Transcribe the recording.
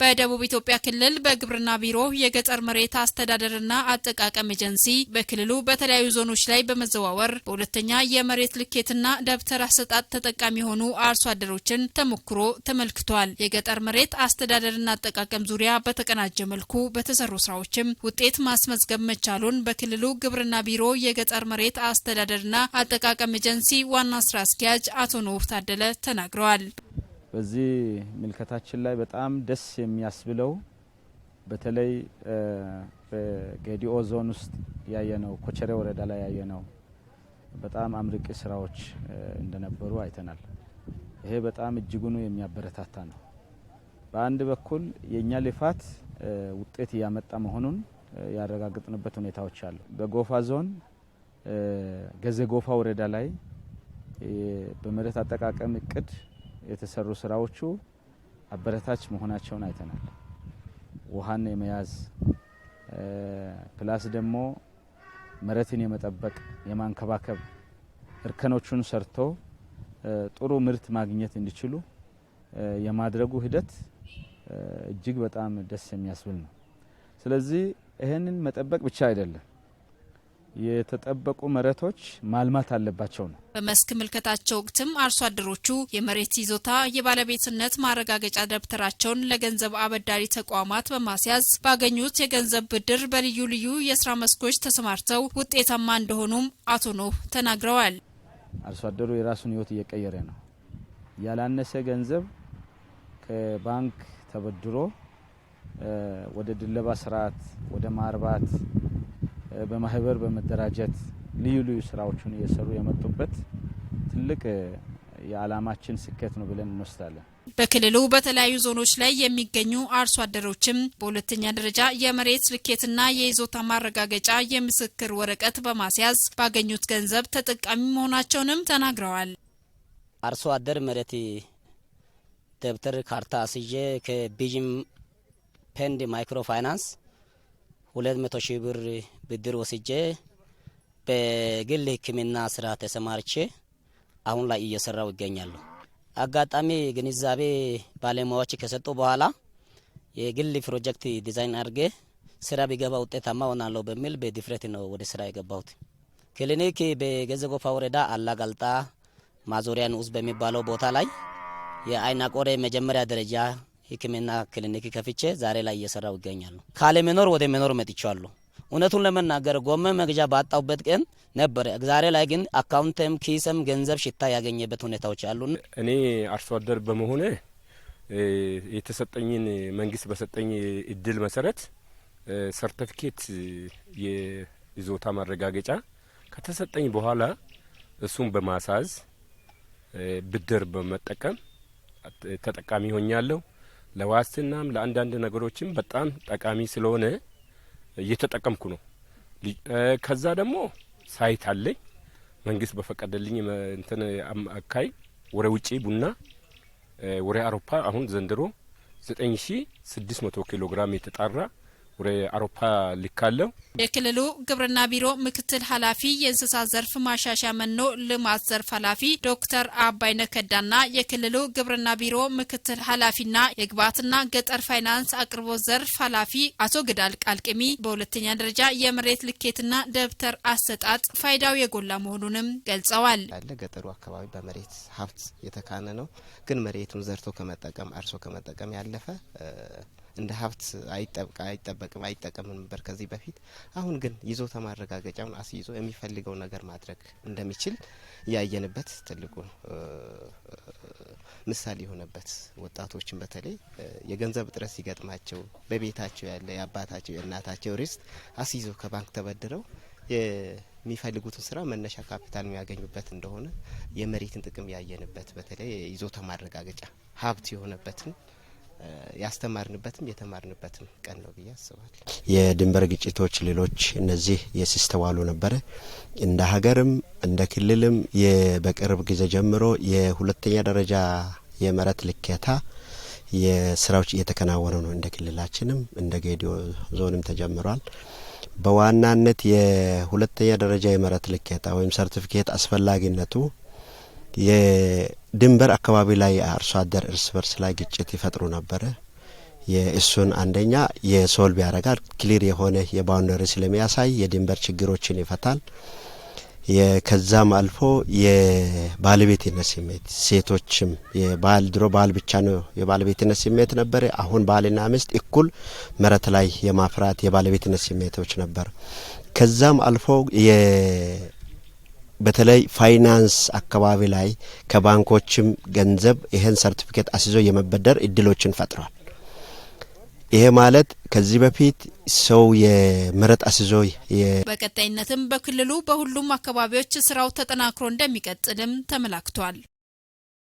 በደቡብ ኢትዮጵያ ክልል በግብርና ቢሮ የገጠር መሬት አስተዳደርና አጠቃቀም ኤጀንሲ በክልሉ በተለያዩ ዞኖች ላይ በመዘዋወር በሁለተኛ የመሬት ልኬትና ደብተር አሰጣጥ ተጠቃሚ የሆኑ አርሶ አደሮችን ተሞክሮ ተመልክቷል። የገጠር መሬት አስተዳደርና አጠቃቀም ዙሪያ በተቀናጀ መልኩ በተሰሩ ስራዎችም ውጤት ማስመዝገብ መቻሉን በክልሉ ግብርና ቢሮ የገጠር መሬት አስተዳደርና አጠቃቀም ኤጀንሲ ዋና ስራ አስኪያጅ አቶ ኖህ ታደለ ተናግረዋል። በዚህ ምልከታችን ላይ በጣም ደስ የሚያስብለው በተለይ በጌዲኦ ዞን ውስጥ ያየነው ኮቸሬ ወረዳ ላይ ያየነው በጣም አምርቂ ስራዎች እንደነበሩ አይተናል። ይሄ በጣም እጅጉኑ የሚያበረታታ ነው። በአንድ በኩል የእኛ ልፋት ውጤት እያመጣ መሆኑን ያረጋግጥንበት ሁኔታዎች አሉ። በጎፋ ዞን ገዜ ጎፋ ወረዳ ላይ በመሬት አጠቃቀም እቅድ የተሰሩ ስራዎቹ አበረታች መሆናቸውን አይተናል። ውሃን የመያዝ ፕላስ ደግሞ መሬትን የመጠበቅ የማንከባከብ እርከኖቹን ሰርቶ ጥሩ ምርት ማግኘት እንዲችሉ የማድረጉ ሂደት እጅግ በጣም ደስ የሚያስብል ነው። ስለዚህ ይህንን መጠበቅ ብቻ አይደለም የተጠበቁ መሬቶች ማልማት አለባቸው ነው። በመስክ ምልከታቸው ወቅትም አርሶ አደሮቹ የመሬት ይዞታ የባለቤትነት ማረጋገጫ ደብተራቸውን ለገንዘብ አበዳሪ ተቋማት በማስያዝ ባገኙት የገንዘብ ብድር በልዩ ልዩ የስራ መስኮች ተሰማርተው ውጤታማ እንደሆኑም አቶ ኖህ ተናግረዋል። አርሶ አደሩ የራሱን ህይወት እየቀየረ ነው። ያላነሰ ገንዘብ ከባንክ ተበድሮ ወደ ድለባ ስርዓት ወደ ማርባት በማህበር በመደራጀት ልዩ ልዩ ስራዎችን እየሰሩ የመጡበት ትልቅ የዓላማችን ስኬት ነው ብለን እንወስዳለን። በክልሉ በተለያዩ ዞኖች ላይ የሚገኙ አርሶ አደሮችም በሁለተኛ ደረጃ የመሬት ልኬትና የይዞታ ማረጋገጫ የምስክር ወረቀት በማስያዝ ባገኙት ገንዘብ ተጠቃሚ መሆናቸውንም ተናግረዋል። አርሶ አደር መሬት ደብተር ካርታ አስይዤ ከቢዥም ፔንድ ማይክሮ ፋይናንስ ሁለት መቶ ሺህ ብር ብድር ወስጄ በግል ሕክምና ስራ ተሰማርቼ አሁን ላይ እየሰራው ይገኛሉ። አጋጣሚ ግንዛቤ ባለሙያዎች ከሰጡ በኋላ የግል ፕሮጀክት ዲዛይን አድርጌ ስራ ቢገባ ውጤታማ ሆናለሁ በሚል በድፍረት ነው ወደ ስራ የገባሁት። ክሊኒክ በገዘጎፋ ወረዳ አላጋልጣ ማዞሪያ ንዑስ በሚባለው ቦታ ላይ የአይና ቆሬ መጀመሪያ ደረጃ ህክምና ክሊኒክ ከፍቼ ዛሬ ላይ እየሰራው ይገኛሉ። መኖር ወደ መኖር መጥቻለሁ። እውነቱን ለመናገር ጎመን መግዣ ባጣውበት ቀን ነበረ። ዛሬ ላይ ግን አካውንትም ኪስም ገንዘብ ሽታ ያገኘበት ሁኔታዎች አሉ። እኔ አርሶ አደር በመሆነ የተሰጠኝን መንግስት በሰጠኝ እድል መሰረት ሰርተፊኬት የይዞታ ማረጋገጫ ከተሰጠኝ በኋላ እሱን በማሳዝ ብድር በመጠቀም ተጠቃሚ ሆኛለሁ። ለዋስትናም ለአንዳንድ ነገሮችም በጣም ጠቃሚ ስለሆነ እየተጠቀምኩ ነው። ከዛ ደግሞ ሳይት አለኝ መንግስት በፈቀደልኝ እንትን አካይ ወደ ውጪ ቡና ወደ አውሮፓ አሁን ዘንድሮ ዘጠኝ ሺ ስድስት መቶ ኪሎ ግራም የተጣራ ወደ አውሮፓ ሊካለው የክልሉ ግብርና ቢሮ ምክትል ኃላፊ የእንስሳት ዘርፍ ማሻሻያ መኖ ልማት ዘርፍ ኃላፊ ዶክተር ነከዳ ከዳና የክልሉ ግብርና ቢሮ ምክትል ኃላፊና የግብዓትና ገጠር ፋይናንስ አቅርቦት ዘርፍ ኃላፊ አቶ ግዳል ቃልቅሚ በሁለተኛ ደረጃ የመሬት ልኬትና ደብተር አሰጣጥ ፋይዳው የጎላ መሆኑንም ገልጸዋል። ያለ ገጠሩ አካባቢ በመሬት ሀብት የተካነ ነው። ግን መሬቱን ዘርቶ ከመጠቀም አርሶ ከመጠቀም ያለፈ እንደ ሀብት አይጠበቅም አይጠቀምንበር ከዚህ በፊት። አሁን ግን ይዞታ ማረጋገጫውን አስይዞ የሚፈልገው ነገር ማድረግ እንደሚችል ያየንበት ትልቁ ምሳሌ የሆነበት ወጣቶችን በተለይ የገንዘብ እጥረት ሲገጥማቸው በቤታቸው ያለ የአባታቸው የእናታቸው ሪስት አስይዞ ከባንክ ተበድረው የሚፈልጉትን ስራ መነሻ ካፒታል የሚያገኙበት እንደሆነ የመሬትን ጥቅም ያየንበት በተለይ ይዞታ ማረጋገጫ ሀብት የሆነበትን ያስተማርንበትም የተማርንበትም ቀን ነው ብዬ አስባለሁ። የድንበር ግጭቶች፣ ሌሎች እነዚህ የሲስተዋሉ ነበረ እንደ ሀገርም እንደ ክልልም በቅርብ ጊዜ ጀምሮ የሁለተኛ ደረጃ የመሬት ልኬታ የስራዎች እየተከናወኑ ነው። እንደ ክልላችንም እንደ ጌዲዮ ዞንም ተጀምሯል። በዋናነት የሁለተኛ ደረጃ የመሬት ልኬታ ወይም ሰርቲፊኬት አስፈላጊነቱ የድንበር አካባቢ ላይ አርሶ አደር እርስ በርስ ላይ ግጭት ይፈጥሩ ነበረ። የእሱን አንደኛ የሶልቭ ያደርጋል። ክሊር የሆነ የባውንደሪ ስለሚያሳይ የድንበር ችግሮችን ይፈታል። ከዛም አልፎ የባለቤትነት ስሜት ሴቶችም የባል ድሮ ባል ብቻ ነው የባለቤትነት ስሜት ነበር። አሁን ባልና ሚስት እኩል መሬት ላይ የማፍራት የባለቤትነት ስሜቶች ነበር። ከዛም አልፎ በተለይ ፋይናንስ አካባቢ ላይ ከባንኮችም ገንዘብ ይህን ሰርቲፊኬት አስይዞ የመበደር እድሎችን ፈጥሯል። ይሄ ማለት ከዚህ በፊት ሰው የምረጥ አስይዞ በቀጣይነትም በክልሉ በሁሉም አካባቢዎች ስራው ተጠናክሮ እንደሚቀጥልም ተመላክቷል።